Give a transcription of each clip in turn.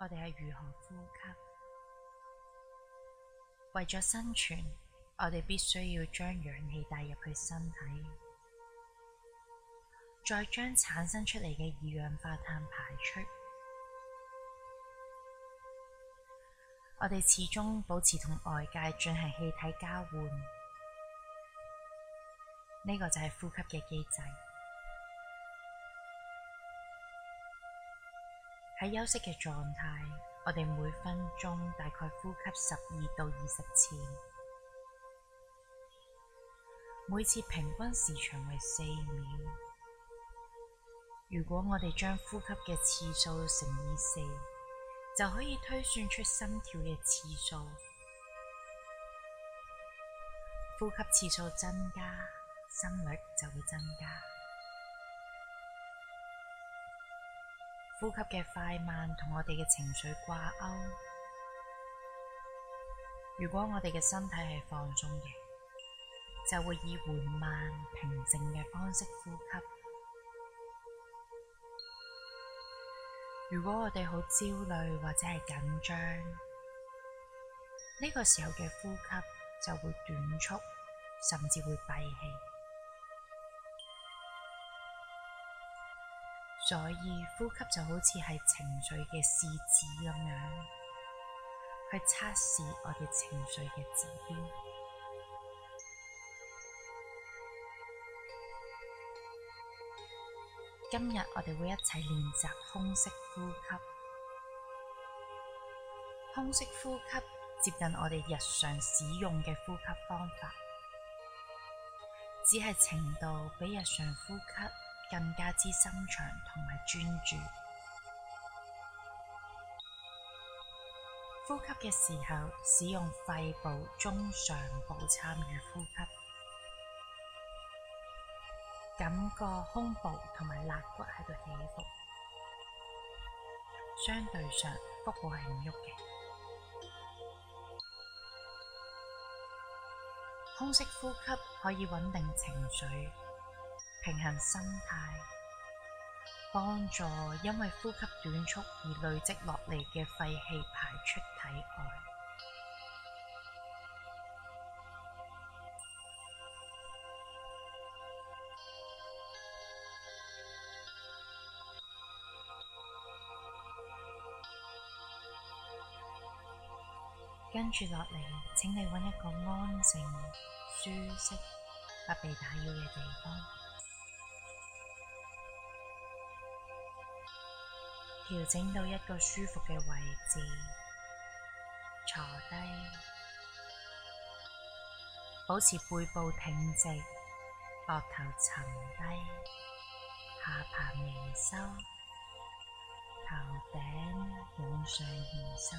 我哋係如何呼吸？為咗生存，我哋必須要將氧氣帶入去身體，再將產生出嚟嘅二氧化碳排出。我哋始終保持同外界進行氣體交換，呢個就係呼吸嘅機制。喺休息嘅狀態，我哋每分鐘大概呼吸十二到二十次，每次平均時長為四秒。如果我哋將呼吸嘅次數乘以四，就可以推算出心跳嘅次數。呼吸次數增加，心率就會增加。呼吸嘅快慢同我哋嘅情緒掛鈎。如果我哋嘅身體係放鬆嘅，就會以緩慢、平靜嘅方式呼吸。如果我哋好焦慮或者係緊張，呢個時候嘅呼吸就會短促，甚至會閉氣。所以呼吸就好似係情緒嘅試紙咁樣，去測試我哋情緒嘅指標。今日我哋會一齊練習胸式呼吸。胸式呼吸接近我哋日常使用嘅呼吸方法，只係程度比日常呼吸。更加之深長同埋專注，呼吸嘅時候使用肺部中上部參與呼吸，感覺胸部同埋肋骨喺度起伏，相對上腹部係唔喐嘅。胸式呼吸可以穩定情緒。平衡心態，幫助因為呼吸短促而累積落嚟嘅廢氣排出體外。跟住落嚟，請你搵一個安靜、舒適、不被打擾嘅地方。調整到一個舒服嘅位置，坐低，保持背部挺直，膊頭沉低，下巴微收，頭頂往上延伸，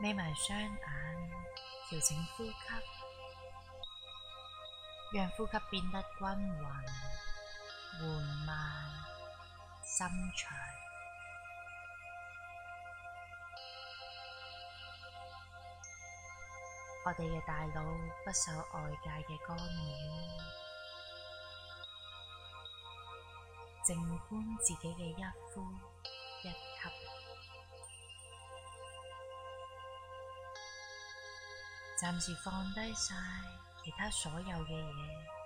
眯埋雙眼，調整呼吸，讓呼吸變得均勻。我哋嘅大腦不受外界嘅干擾，靜觀自己嘅一呼一吸，暫時放低晒其他所有嘅嘢。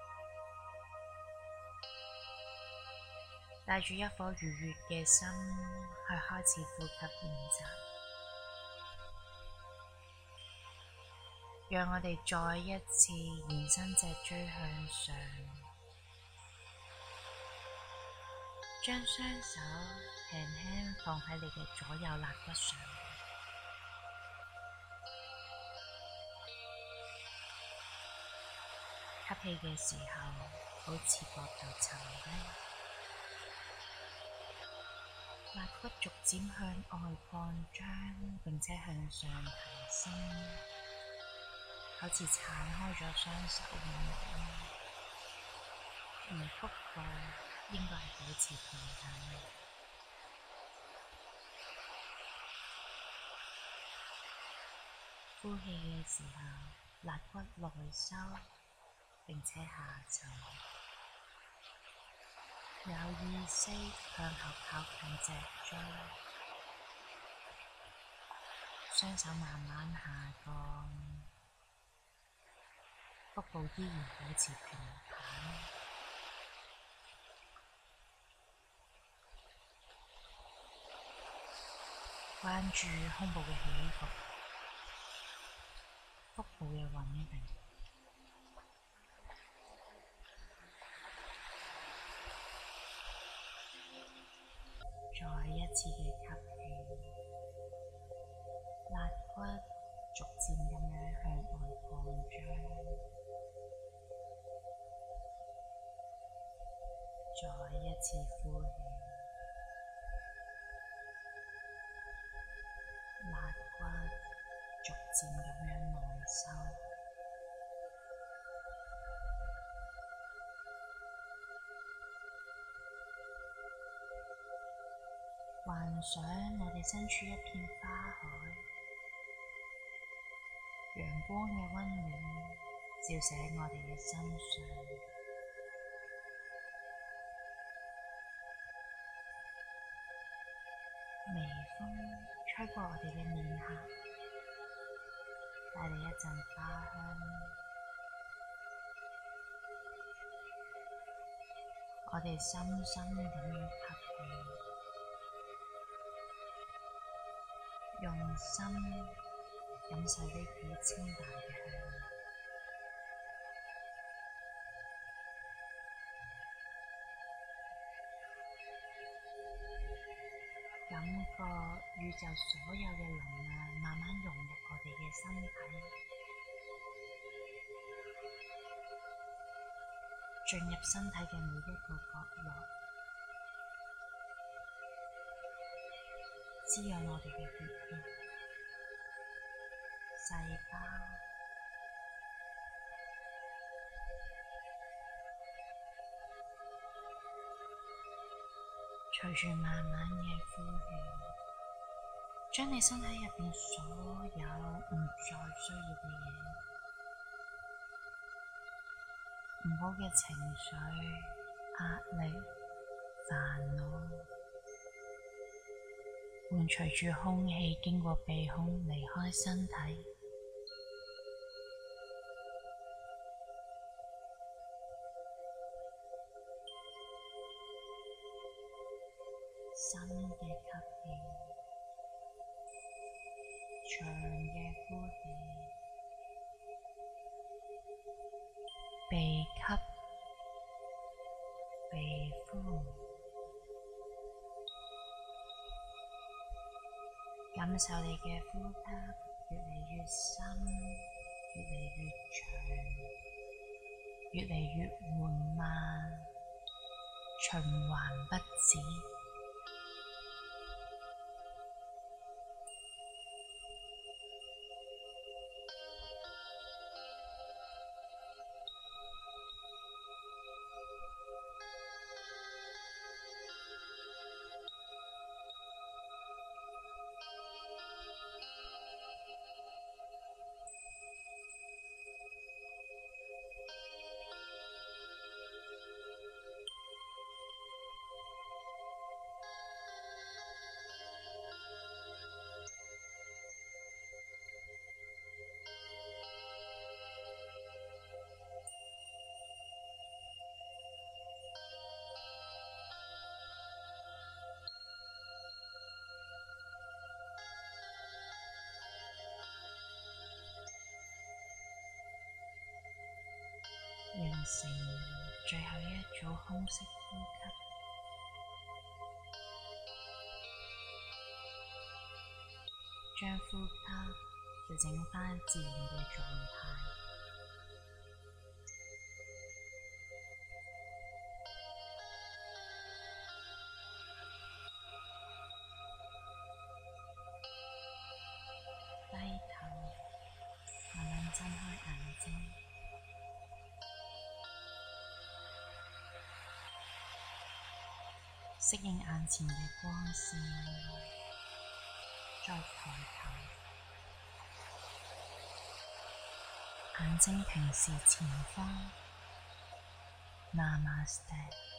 帶住一顆愉悅嘅心去開始呼吸練習，讓我哋再一次延伸脊椎向上，將雙手輕輕放喺你嘅左右肋骨上，吸氣嘅時候好似腹部沉低。肋骨逐漸向外擴張，並且向上提升， 好似撐開咗雙手樣。咁。而腹部應該係保持平底，呼氣嘅時候，肋骨內收，並且下沉。有意識，向後靠近脊椎，雙手慢慢下降，腹部依然保持平坦，關注胸部嘅起伏，腹部嘅穩定。一次嘅吸氣，肋骨逐漸咁樣向外擴張，再一次呼氣。想我哋身處一片花海，陽光嘅溫暖照射喺我哋嘅身上，微風吹過我哋嘅面頰，帶嚟一陣花香，我哋深深咁吸氣。用心感受呢啲清淡嘅香，感覺宇宙所有嘅能量慢慢融入我哋嘅身體，進入身體嘅每一個角落。滋養我哋嘅血液、細胞，隨住慢慢嘅呼氣，將你身體入邊所有唔再需要嘅嘢、唔好嘅情緒、壓力、煩惱。伴隨住空氣經過鼻孔離開身體，深嘅吸氣，長嘅呼氣，鼻吸鼻呼。感受你嘅呼吸，越嚟越深，越嚟越長，越嚟越緩慢，循環不止。成最後一組胸式呼吸，將呼吸調整返自然嘅狀態，低頭慢慢睜開眼睛。適應眼前嘅光線，再抬頭，眼睛平視前方。Namaste。